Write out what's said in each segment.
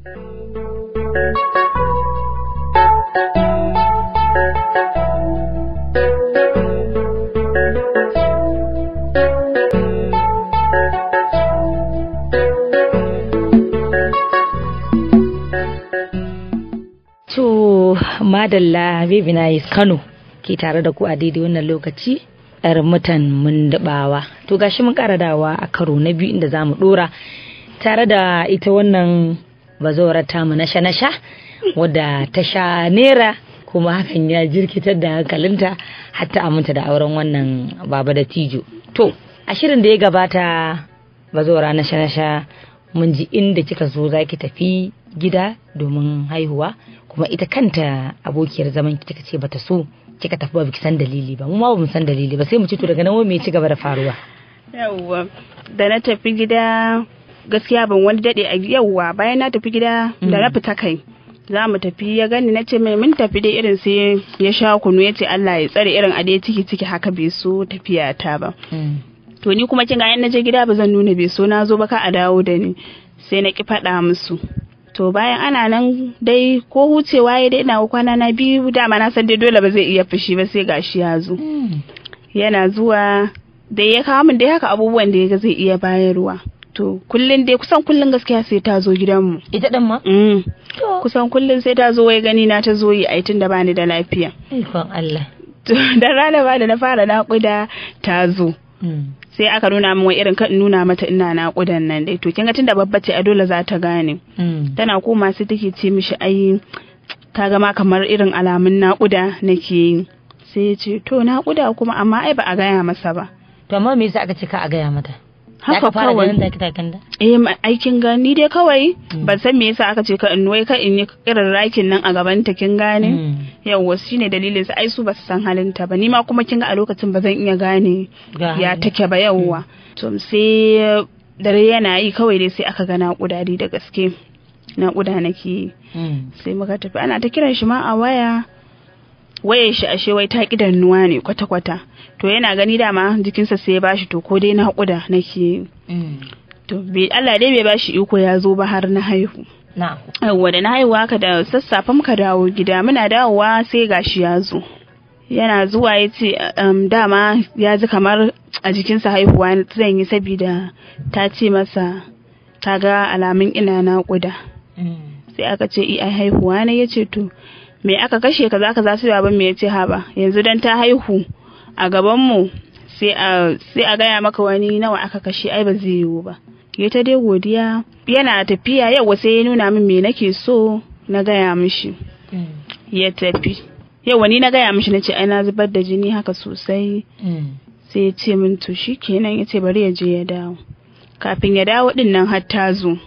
To madalla Bibi Kano ke tare da ku a daidai wannan lokaci yar mutan mun To gashi mun kara dawa a karo na biyu inda za mu dora tare da ita wannan bazawarar tamu na sha-nasha wadda ta sha nera kuma hakan ya jirkitar da hankalinta hatta aminta da auren wannan baba da tijo to a shirin da ya gabata bazawara na sha-nasha mun ji inda kika zo za ki tafi gida domin haihuwa kuma ita kanta abokiyar zaman ki kika ce bata so kika tafi ba san dalili ba mu ma bamu san dalili ba sai mu ci to daga nan mai ci gaba da faruwa yawwa da na tafi gida gaskiya ban wani daɗe a yauwa bayan na tafi gida da na mm. ta kai za mu tafi ya gani na ce mai mun tafi dai irin sai ya sha kunu ya ce Allah ya tsare irin a ciki ciki haka bai so tafiya ta ba mm. to ni kuma kin ga na je gida ba zan nuna bai so na zo ba ka a dawo da ni sai na ki faɗa musu to bayan ana nan dai ko hucewa ya dai na kwana na biyu dama na san dai dole ba zai iya fushi ba sai gashi ya zo mm. yana zuwa dai ya kawo min dai haka abubuwan da ya ga zai iya bayarwa to kullun dai kusan kullun gaskiya sai ta zo gidanmu ita ɗin ma mm. kusan kullun sai ta zo wai gani na ta zo yi ai tunda bani da lafiya ikon Allah dan rana ba da na fara naƙuda ta zo mm. sai aka nuna min irin kan nuna mata ina naƙudan nan dai to kin ga tunda babba ce a dole za ta gane mm. tana koma sai take ce mishi ai ta gama kamar irin alamun naƙuda nake yi sai ya ce to naƙuda kuma amma ai ba a gaya masa ba to amma me yasa aka ce ka a gaya mata haka kawai eh aikin gani dai kawai hmm. ban san me yasa aka ce ka in wai ka in yi irin rakin nan a gaban ta kin gane hmm. yawa shine dalilin su ai su ba su san halinta ba ni ma kuma kin ga a lokacin ba zan iya gane ya take ba yawa hmm. to sai dare yana yi kawai dai sai aka ga naƙuda da gaske naƙuda nake sai muka tafi ana ta kiran shi ma a waya waye shi ashe wai ta kidan nuwa ne kwata-kwata to yana gani dama jikinsa sai ya bashi to ko dai na hakuda nake mm. to Allah dai bai bashi iko ya zo ba har na haihu yawwa da na haihuwa haka da sassafe muka dawo gida muna dawowa sai gashi ya zo yana zuwa ya ce dama ya ji kamar a jikinsa haihuwa zan yi sabida ta ce masa ta ga alamun ina naƙuda mm. sai aka ce eh, i haihuwa ne ya to me aka kashe kaza kaza yi baban mu ya ha ba yanzu dan ta haihu a gaban mu sai a sai a gaya maka wani nawa aka kashe ai ba zai yiwu ba ya ta dai godiya yana tafiya yau sai ya nuna min me nake so na gaya mishi mm. ya tafi yau wani na gaya mishi nace ce ai na zubar da jini haka sosai mm. sai ya ce min to shi kenan ya bari ya je ya dawo kafin ya dawo din nan har ta zo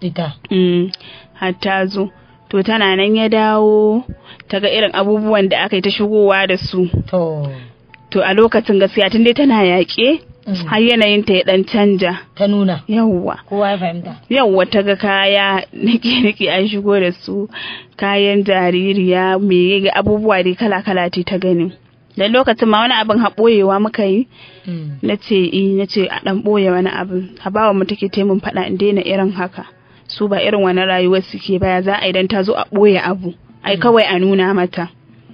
ita mm. har ta zo to tana nan ya dawo ta ga irin abubuwan da aka yi ta shigowa da su to a lokacin gaskiya tun dai tana yaƙe mm. har yanayin ta ya dan canja ta nuna yawwa kowa ya fahimta yawwa ta ga kaya nake nake an shigo da su kayan jaririya me ga abubuwa dai kala kala ce ta gani da lokacin ma wani abin haɓoyewa muka yi mm. na ce eh, na ce a ɗan ɓoye wani abin haɓawa mu take taimun faɗa in daina irin haka su ba irin wani rayuwar suke baya za a idan ta zo a ɓoye abu ai mm. kawai a nuna mata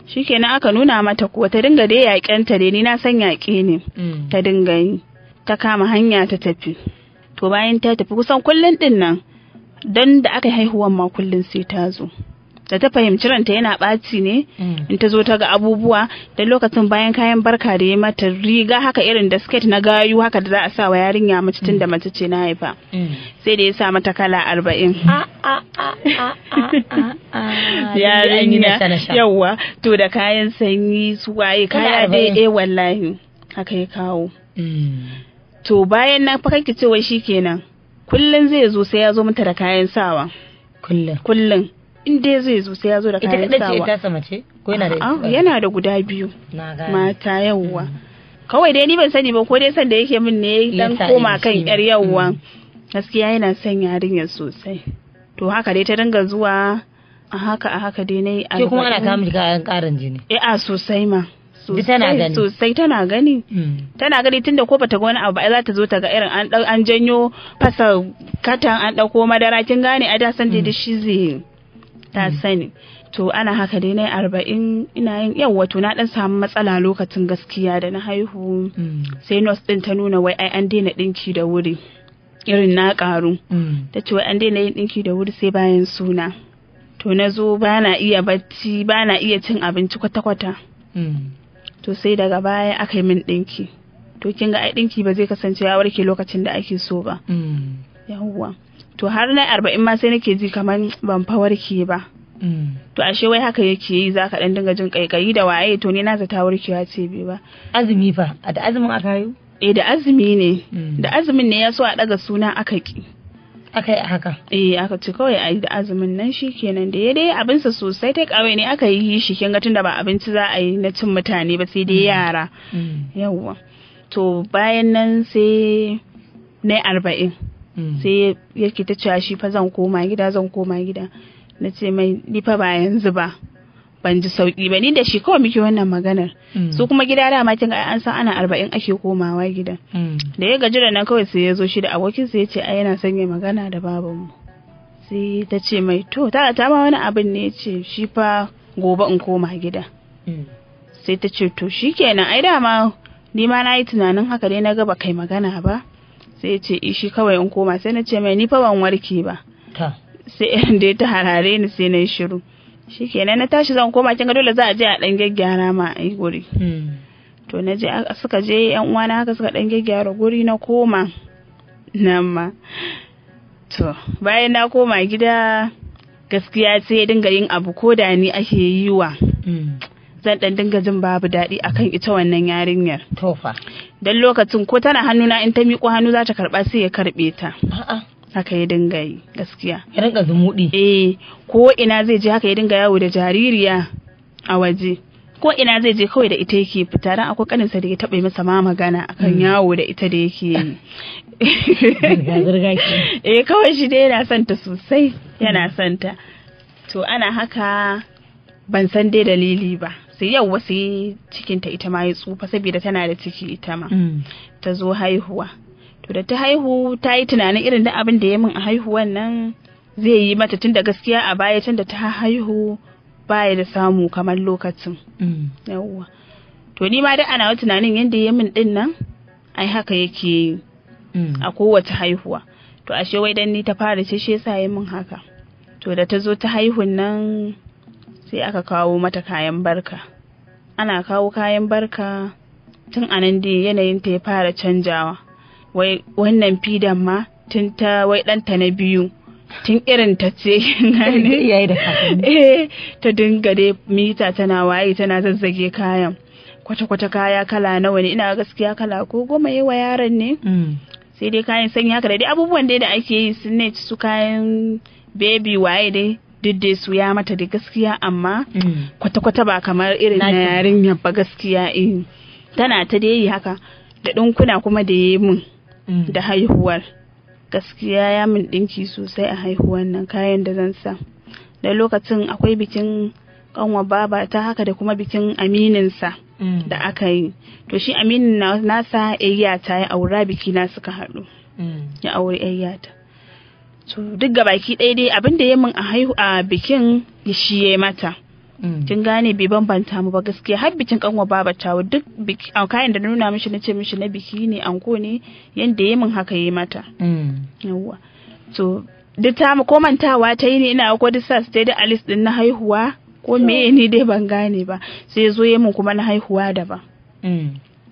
shi shikenan aka nuna mata kuwa ta dinga dai ta dai ni na san yaƙe ne mm. ta dinga yi ta kama hanya ta tafi to bayan ta tafi kusan kullun din nan don da aka haihuwan ma kullun sai ta zo da ta fahimci ranta yana ɓaci ne mm. in ta zo ta ga abubuwa da lokacin bayan kayan barka da ya mata riga haka irin da sket na gayu haka da za a sa wa yarinya mace tun da mm. mace ce na haifa mm. sai da ya sa mata kala arba'in ah, ah, ah, yarinya yawwa to da kayan sanyi su waye kaya dai eh wallahi haka ya kawo to bayan na fakanki cewa kenan kullum zai zo sai ya zo mata da kayan sawa kullum in dai zai zo sai ya zo da kayan sawa ita kadai ce ta ce ko yana da ita yana da guda biyu mata yawwa mm. kawai dai ni ban sani ba ko dai san da yake min ne dan koma kan yar yawwa mm. gaskiya yana son yarinya sosai to haka dai ta dinga zuwa a haka a haka dai nayi ke kuma ana kamun kayan karin jini eh a sosai ma sosai tana gani mm. tana gani tunda ko bata ga wani abu ba za ta zo ta ga irin an janyo fasa katan an dauko madara kin gane a da san da shi zai ta mm. sani to ana haka dai na arba'in ina yin yau wato na dan samu matsala lokacin gaskiya da na haihu mm. sai nurse din ta nuna wai ai an daina dinki da wuri irin na karu mm. ta ce wai an daina yin dinki da wuri sai bayan suna to na zo na iya bacci na iya cin abinci kwata-kwata to sai daga baya aka yi min dinki to kin ga ai dinki ba zai kasance ya warke lokacin da ake so ba yawwa to har na arba'in ma sai nake ji kamar ban fa warke ba mm. to ashe wai haka yake yi zaka dan dinga jin kaikayi da waye to ni na zata warkewa ce bai ba azumi fa da azumin aka yi eh da azumi ne mm. da azumin ne ya so a daga suna aka ki aka yi haka eh aka ce kawai a yi da azumin nan shi kenan da ya dai abinsa sosai ta kawai ne aka yi shi kin ga tunda ba abinci za a yi na cin mutane ba sai dai mm. yara yawwa to bayan nan sai na arba'in Mm. sai yake ta cewa shi fa zan koma gida zan koma gida na ce mai ni ba yanzu ba ban ji sauki ba ni da shi kawai muke wannan maganar mm. su kuma gida da ma kin an san ana arba'in ake komawa gida mm. da ya gaji da nan kawai sai ya zo shi da abokin sai ya ce ai yana son magana da babanmu sai ta ce mai to ta ta ma wani abin ne ya ce shi fa gobe in koma gida sai ta ce to shikenan ai dama ni ma na yi tunanin haka dai na ga ba kai magana ba sai ce ishi kawai in koma sai na ce mai ni fa ban warke ba sai irin da ta harare ni sai na yi shiru kenan na tashi zan koma kin dole za a je a dan gyaggyara ma a yi guri hmm. to na je suka je yan uwana haka suka dan gyaggyara guri na koma nan ma to bayan na koma gida gaskiya sai ya dinga yin abu ko da ni ake yi wa hmm. zan dan dinga jin babu daɗi akan ita wannan yarinyar dan lokacin ko tana hannuna in ta miƙo hannu za ta karɓa sai ya karɓe ta haka ya dinga yi gaskiya ya rinka zumuɗi eh ko ina zai je haka ya dinga yawo da jaririya a waje ko ina zai je kawai da ita yake fita dan akwai kanin sa da ya taɓa masa ma magana akan hmm. yawo da ita da yake yi eh kawai shi dai yana son sosai yana son to ana haka ban san dai dalili ba sai yau wasu cikinta ita ma ya tsufa saboda tana da ciki ita ma mm. ta zo haihuwa to da ta haihu ta yi tunanin irin da abin da ya min a haihuwan nan zai yi mata tun da gaskiya a baya tun da ta haihu baya da samu kamar lokacin mm. yawwa to ni ma da ana tunanin yadda ya min din nan ai haka yake yi mm. a kowace haihuwa to ashe wai dan ni ta fara ce shi yasa ya min haka to da ta zo ta haihun nan sai aka kawo mata kayan barka ana kawo kayan barka tun anan da yanayin ta ya fara canjawa wai wannan fidan ma tun ta wai ɗanta na biyu tun irin ta ce eh, ta dinga dai mita tana waye tana zazzage kayan kwata-kwata kaya kala nawa ne ina gaskiya kala ko goma yi wa yaron ne mm. sai dai kayan sanya haka dai abubuwan dai da ake yi su ne su kayan baby waye dai duk da su ya mata da gaskiya amma mm. kwata-kwata ba kamar irin na yarin ba gaskiya in eh. tana ta dai haka da ɗinkuna kuma da yi min mm. da haihuwar gaskiya ya min ɗinki sosai a haihuwar nan kayan da zan sa da lokacin akwai bikin kanwa baba ta haka da kuma bikin amininsa mm. da aka yi to shi aminin nasa yayya ta ya aura biki na suka haɗu ya aure ta. so duk baki ɗaya dai abin da ya min a haihu a bikin shi ya mata mm. kin gane bai bambanta mu ba gaskiya har bikin kanwa baba tawo duk a kayan da na nuna mishi na ce mishi na biki ne anko ne yanda ya min haka ya mata mm. yawwa so duk ta mu komantawa ta yi ne ina ko duk sas dai da alis din na haihuwa ko meye ni dai ban gane ba sai ya zo ya min kuma na haihuwa daban mm.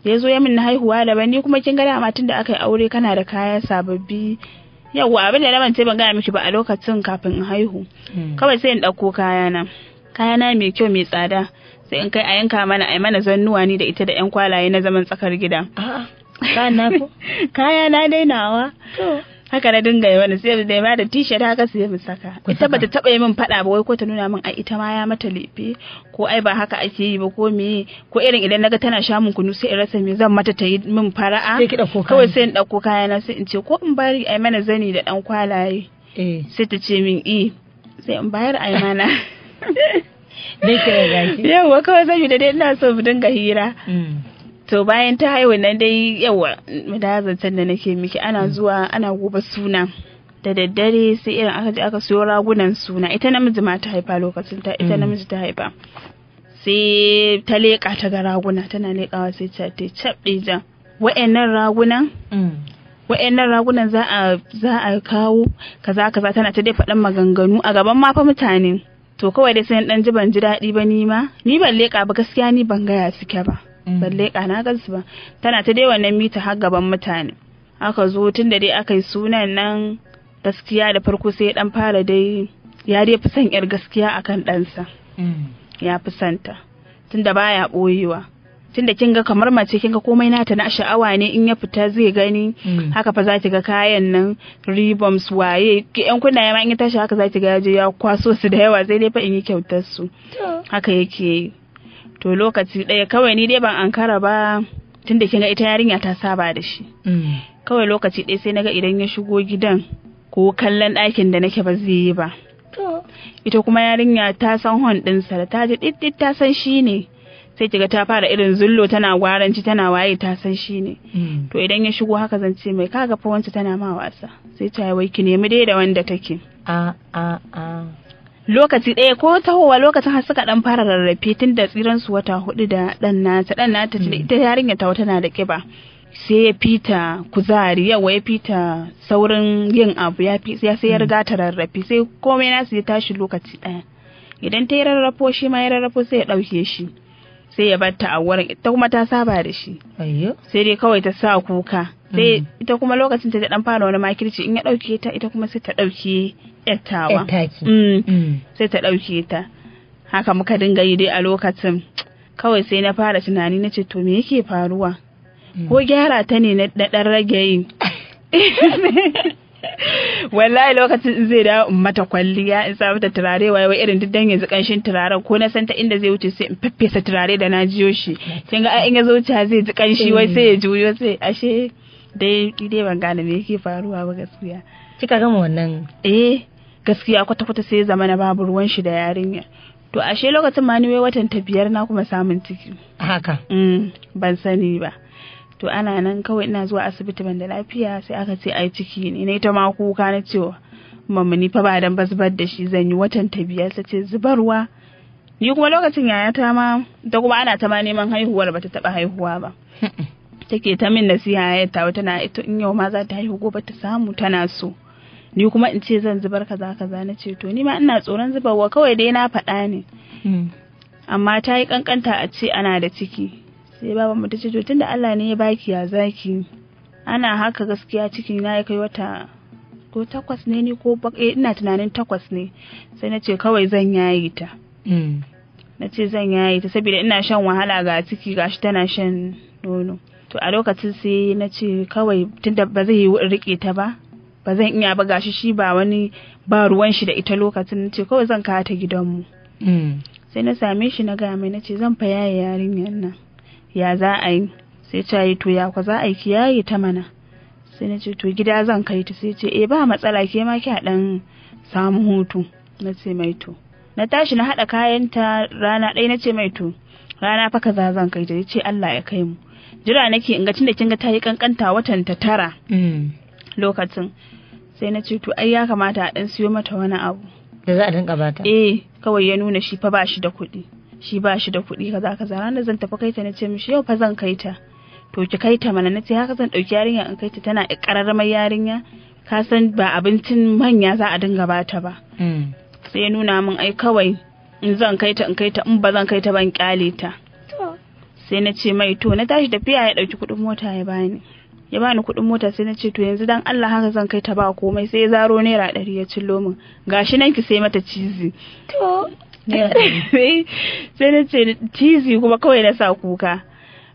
ya zo ya min na haihuwa daban ni kuma kin ga a tun da aka yi aure kana da kaya sababbi yawwa abin da na ban gaya miki ba a lokacin kafin in haihu hmm. kawai sai in ɗauko kayana kayana mai kyau mai tsada sai in kai a yanka mana a mana zannuwa ni da ita da yan kwalaye na zaman tsakar gida kaya na dai nawa haka na dinga yi wani sai da ma da t-shirt haka sai mu saka ita bata taba yi min fada ba wai ko ta nuna min ai ita ma ya mata lefe ko ai ba haka ake yi ba ko me ko irin idan naga tana shamun kunu sai in rasa me zan mata ta yi min fara'a kawai sai in dauko kayana sai in ce ko in bari ai mana zani da dan kwalaye eh. sai ta ce min i eh, sai in bayar ai mana kira Yawwa kawai da dai ina so mu dinga hira. Mm. to bayan ta haihu nan dai yawa da zancen da nake miki ana mm. zuwa ana gobe suna da daddare sai irin aka ji aka siyo ragunan suna ita namiji ma ta haifa lokacin ta ita mm. namiji ta haifa sai ta leƙa ta ga raguna tana leƙawa sai ta ta cabɗe jan wa'annan ragunan mm. wa'annan ragunan za a za a kawo kaza kaza tana ta dai faɗan maganganu a gaban mafa mutane to kawai dai sai dan ji ban ji daɗi ba ni ma ni ban leƙa ba gaskiya ni ban gaya suke ba Mm. ban leƙa na gansu ba tana ta dai wannan mita har gaban mutane aka zo tun da dai aka yi sunan nan gaskiya da farko sai dan fara dai ya dai fi son yar gaskiya akan ɗansa mm. ya fi santa tun da baya boyewa Tun da kinga kamar mace kinga komai nata na sha'awa ne in ya fita zai gani mm. haka fa za ki ga kayan nan ribbons waye yan kuna ya ma in ya tashi haka za ki ga ya kwaso su da yawa sai dai fa in yi kyautar su haka yake yi to lokaci ɗaya kawai ni dai ban ankara ba tun da kinga ita yarinya ta saba da shi mm. kawai lokaci ɗaya sai naga idan ya shigo gidan ko kallon ɗakin da nake ba zai yi ba ita kuma yarinya ta san hon ɗinsa da ta ji ɗiɗɗi ta san shi ne sai kiga ta fara irin zullo tana gwaranci tana waye ta san shi ne mm. to idan ya shigo haka zan ce mai kaga fa wancan tana ma wasa sai ta wai ki nemi dai da wanda take a lokaci ɗaya ko tahowa lokacin har suka dan fara rarrafe tun da tsiran su wata hudu da dan nata dan nata ce hmm. ita yarinya ta tana da ƙiba sai ya fita kuzari yawa ya fita saurin yin abu ya fi sai ya hmm. riga ta rarrafe sai komai nasu ya tashi lokaci ɗaya idan ta yi rarrafo shi ma ya rarrafo sai ya ɗauke shi sai ya batta a wurin ita kuma ta saba da shi sai dai kawai ta sa kuka sai hmm. ita kuma lokacin ta dan fara wani makirci in ya ɗauke ta ita kuma sai ta ɗauke yattawa mm. mm. sai ta ɗauke ta haka muka dinga yi dai a lokacin kawai sai na fara tunani na ce to me yake faruwa mm. ko gyara ta ne na ɗan rage yi wallahi lokacin in zai dawo in mata kwalliya in samu ta turare waye wai irin diddan yanzu kanshin turaren ko na santa inda zai wuce sai in faffesa turare da na jiyo shi kin ga in ya zo wuce zai ji kanshi wai sai ya juyo sai ashe dai ban gane me yake faruwa ba gaskiya kika gama wannan eh gaskiya kwata-kwata sai zama na babu ruwan shi da yarinya to ashe lokacin ma ni wai watan ta biyar na kuma samun ciki haka mm, ban sani ba to ana nan kawai ina zuwa asibiti ban da lafiya sai aka ce ai ciki ne na ita ma kuka na cewa mamma ni fa ba dan bazbar da shi zan yi watan ta biyar ta ce zubarwa ni kuma lokacin ta ma ta kuma ana ta ma neman haihuwar ba ta taba haihuwa ba take ta min nasiha ya wata tana ita in yau ma za ta haihu gobe ta samu tana so ni kuma in ce zan zubar kaza kaza na ce to ni ma ina tsoron zubarwa kawai dai na faɗa ne hmm. amma ta yi kankanta a ce ana da ciki sai baban mu ta ce to tunda Allah ne ya baki ya zaki ana haka gaskiya ciki na ya kai wata ko takwas ne ni ko eh ina tunanin takwas ne sai na ce kawai zan yayi ta hmm. na ce zan yayi ta saboda ina shan wahala ga ciki gashi tana shan nono to a lokacin sai na ce kawai tunda ba zai yi rike ta ba ba zan iya ba gashi shi ba wani ba ruwan shi da ita lokacin ce kawai zan kawo ta gidanmu mm. sai na same shi na gaya mai nace zan fa yaye yarinyar nan ya za a yi sai ta yi to ya kwa za a yi ki yaye ta mana sai na to gida zan kai ta sai ce eh ba matsala ke ma ki dan samu hutu na mai to na tashi na haɗa kayan ta rana ɗaya na mai to rana fa kaza zan kai ta yace Allah ya kai mu jira nake in ga tunda kin ga ta yi kankanta watan ta tara mm. lokacin sai na ce to ai ya kamata a dan siyo mata wani abu da za a dinka bata eh kawai ya nuna shi fa ba shi da kuɗi shi ba shi da kuɗi kaza kaza ranar zan tafi kaita na ce mishi yau fa zan ta. to ki kaita mana na ce haka zan ɗauki yarinya in kaita tana ƙararramar yarinya ka san ba abincin manya za a dinga bata ba mm. sai ya nuna min ai kawai in zan kaita in kaita in ba zan ta ban kyale ta sai na ce mai to na tashi tafiya ya ɗauki kuɗin mota ya bani ya bani kuɗin mota sai na ce to yanzu dan Allah haka zan kai ta ba komai sai ya zaro naira ɗari ya cillo min gashi nan ki sai mata cizi to sai na ce cizi kuma kawai na sa kuka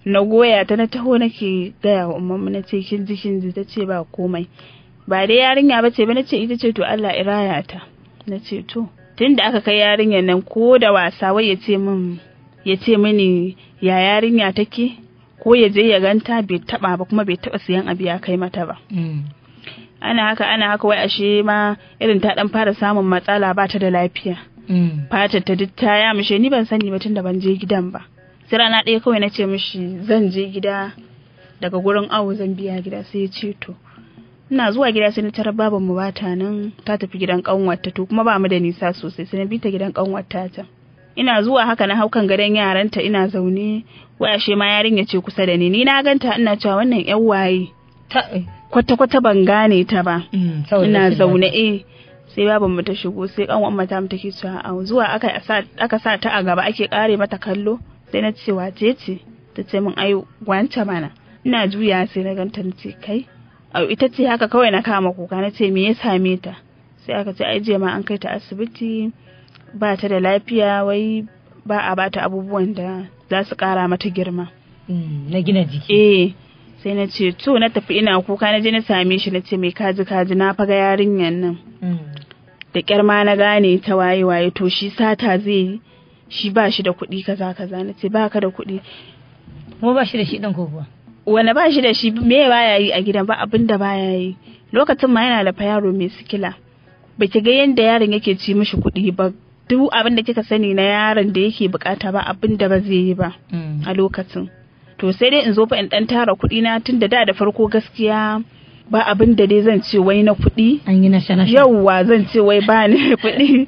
na goya ta na taho nake gaya wa umman na ce kin ji kin ji ta ce ba komai ba dai yarinya ba ce ba na ce ita ce to Allah iraya ta na ce to tunda aka kai yarinyar nan ko da wasa wai ya ce min ya ce mini ya yarinya take ko ya je ya ganta bai taba ba kuma bai taba siyan abu ya kai mata ba mm. ana haka ana haka wai ashe ma irin ta dan fara samun matsala ba ta da lafiya mm. fatar ta duk ta ya mushe ni ban sani ba tun da ban je gidan ba sai rana ɗaya kawai na ce mishi zan je gida daga gurin awo zan biya gida sai ya ce to ina zuwa gida sai na tarar babanmu mu bata nan ta tafi gidan kanwarta to kuma ba mu da nisa sosai sai na bi ta gidan kanwarta ta ina zuwa haka na haukan gadon yaranta ina zaune waya she ma yarinya ce kusa da ni ni na ganta ina cewa wannan yan waye eh. kwata kwata ban gane ta ba mm, ina zaune eh sai baban mu ta shigo sai kanwan mata mu take cewa a zuwa aka sa aka sa ta a gaba ake kare mata kallo sai na ce wace ce ta ce min ayo wancan mana ina juya sai na ganta na ce kai a ita ce haka kawai na kama kuka na ce me ya same ta sai aka ce ai jema an kai ta asibiti ba ta da lafiya wai ba a bata abubuwan da za su kara mata girma mm, na gina jiki eh sai na ce to na tafi ina kuka na je na same shi na ce mai kaji kaji na faga yarinyan nan mm. da kyar ma na gane ta waye waye to shi sata zai shi ba shi da kuɗi kaza kaza na ce ba ka da kuɗi Mo ba shi da shi ɗin ko kuwa Wane ba shi da shi me ba ya yi a gidan ba abin da ba ya yi lokacin ma yana da yaro mai sikila ba ki ga yadda yaron yake ci mishi kuɗi ba duk abin da kika sani na yaron da yake bukata ba abin da ba zai yi ba mm. a lokacin to sai dai in zo fa in dan tara kuɗi na tun da da da farko gaskiya ba abin da dai zan ce wai na kuɗi an yi yauwa zan ce wai ba ni kuɗi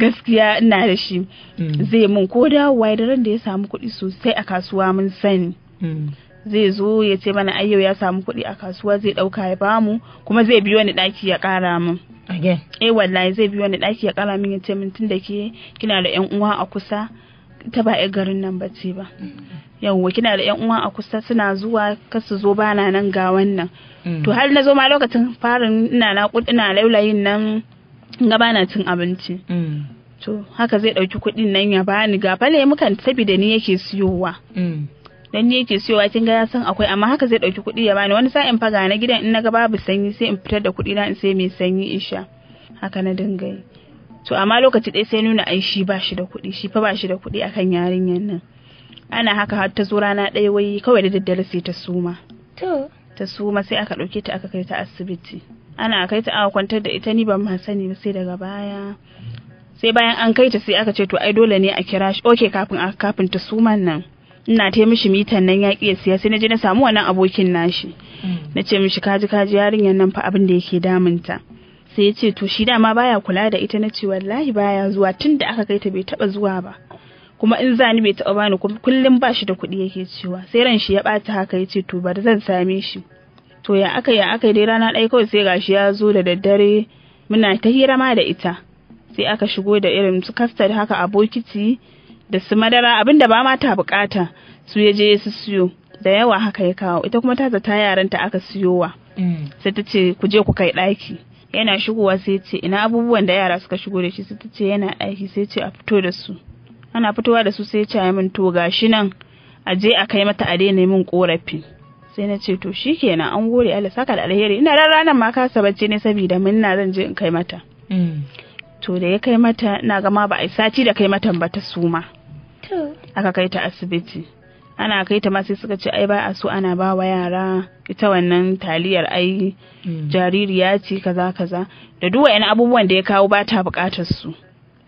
gaskiya ina da shi mm. zai mun ko wai da ran da ya samu kuɗi sosai a kasuwa mun sani mm. zai zo ya ce mana ayyau ya samu kuɗi a kasuwa zai ɗauka ya bamu kuma zai biyo ni ɗaki ya ƙara mun. again eh wallahi zai biyo ni daki ya kara min ce min tun da ke kina da yan uwa a kusa ta ba a garin nan ba ce ba mm. yawwa kina da yan uwa a kusa suna zuwa ka su zo bana nan ga wannan mm. to har na zo ma lokacin farin ina na ina laulayin nan ga bana cin abinci mm. to haka zai dauki kuɗin nan ya bani ga fale mukan sabida ni yake siyowa dan ne yake siyowa kin ga ya san akwai amma haka zai dauki kuɗi ya bani wani sa'in faga na gidan in naga babu sanyi sai in fitar da kuɗi na in sai mai sanyi in sha haka na dinga yi to amma lokaci ɗaya sai nuna ai shi ba shi da kuɗi shi fa ba shi da kuɗi akan yarinyar nan ana haka har ta zo rana ɗaya wai kawai da daddare sai ta suma to ta suma sai aka ɗauke ta aka kai ta asibiti ana kai ta aka kwantar da ita ni ban ma sani ba sai daga baya sai bayan an kai ta sai aka ce to ai dole ne a kira shi oke kafin kafin ta suman nan ina ta mishi mitan nan ya ƙi siya sai na je na samu wannan abokin nashi mm. na ce mishi kaji kaji yarinyar nan fa abin da yake damunta sai ya ce to shi dama baya kula da ita na ce wallahi baya zuwa tun da aka kai ta bai taba zuwa ba kuma in zani bai taba bani kuma kullum ba shi da kuɗi yake cewa sai ran shi ya ɓata haka ya ce to bari zan same shi to ya aka ya aka dai rana ɗaya kawai sai gashi ya zo da daddare muna ta hira ma da ita sai aka shigo da irin su kasta haka a da su madara abinda ba ma ta bukata su ya je su siyo da yawa haka ya kawo ita kuma ta zata yaranta aka siyowa mm. sai ta ce ku je ku kai ɗaki yana shigowa sai ce ina abubuwan da yara suka shigo da shi sai ta ce yana ɗaki sai ce a fito da su ana fitowa da su sai ya ce min to gashi nan a je a kai mata a daina min korafi sai na ce to shikenan an gode Allah saka da alheri ina ran ranar ma kasa bacci ne saboda mun na zan je in kai mata mm. to da ya kai mata na gama ba a sati da kai mata ba ta suma aka kai ta asibiti ana kai ta ma sai suka ce ai ba a so ana ba wa yara ita wannan taliyar ai hmm. jaririya ce kaza kaza da duk abubuwan da ya kawo ba ta bukatar su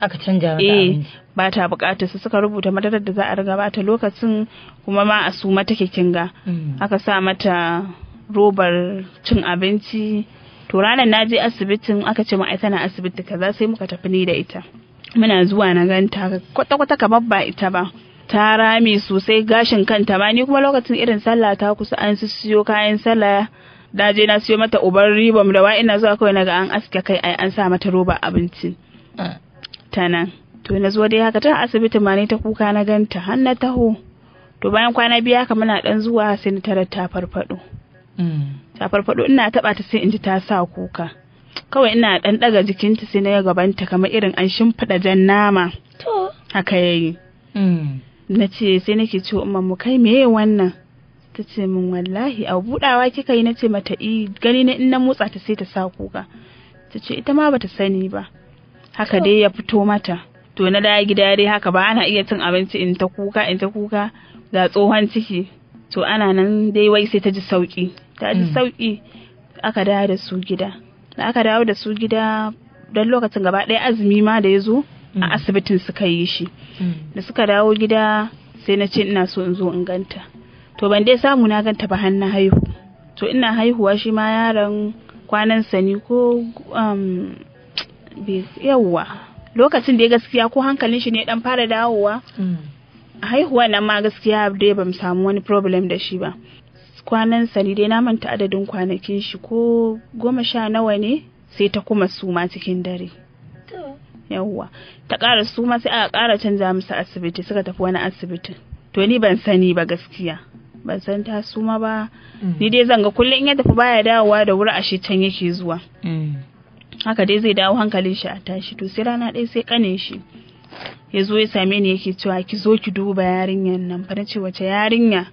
aka canja eh ba ta bukatar su suka rubuta madarar da za a riga bata lokacin kuma ma a su mata kinga hmm. aka sa mata robar cin abinci to ranar na je asibitin aka ce ma asibiti kaza sai muka tafi ni da ita muna zuwa na ganta kwata-kwata kamar ba ita ba ta rame sosai gashin kanta ba ni kuma lokacin irin sallah ta kusa an siyo kayan sallah daje na siyo mata uban ribom da wa ina zuwa kawai naga an aske kai ai an sa mata roba abinci ta to na zo dai haka ta asibiti ma ne ta kuka na ganta har na taho to bayan kwana biya haka muna dan zuwa sai ni tarar ta farfado mm. ta farfado ina taba ta sai in ji ta sa kuka kawai ina ɗan ɗaga jikinta sai na gabanta kamar irin an shimfiɗa jan nama to haka yayi hmm. na ce sai nake ce umma mu kai meye wannan ta ce min wallahi a budawa kika yi nace mata i gani na in na motsa ta sai ta sa kuka ta ce ita ma bata sani ba haka dai ya fito mata to na da gida dai haka ba ana iya cin abinci in ta kuka in ta kuka ga tsohon ciki to ana nan dai wai sai ta ji sauki ta ji hmm. sauki aka dawo da su gida da aka dawo da su gida don lokacin gaba ɗaya azumi ma da ya zo a mm. asibitin suka yi shi mm. da suka dawo gida sai na ce ina so in zo in ganta to ban dai samu na ganta ba hannun haihu to ina haihuwa shi ma yaron kwanan sani ko um, yawwa lokacin da ya gaskiya ko hankalin shi ne dan fara dawowa mm. haihuwa nan ma gaskiya dai bamu samu wani problem da shi ba kwanansa ni dai na manta adadin kwanakin shi ko goma sha nawa ne sai ta kuma suma cikin dare yawwa ta ƙara suma sai aka ƙara canza musu asibiti suka tafi wani asibitin to ni ban sani ba gaskiya ban san ta suma ba mm. ni dai zan ga kullum in ya tafi baya dawowa da wuri a shi can yake zuwa mm. haka dai zai dawo hankalin shi a tashi to sai rana ɗaya sai ƙanin shi ya zo ya same ni yake cewa ki zo ki duba yarinyar nan fara ce wace yarinya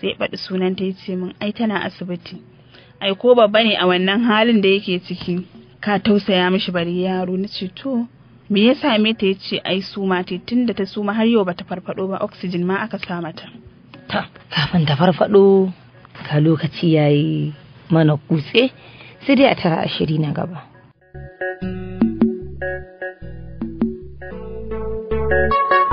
sai baɗi sunanta ya ce min ai tana asibiti ai ko babba ne a wannan halin da yake ciki ka tausaya mishi bari yaro na ce to me ya same ta ya ce ai suma ma tun da ta suma har yau bata farfado ba oxygen ma aka sa mata ta kafin ta farfado ka lokaci yayi mana kutse sai dai a tara ashiri na gaba thank you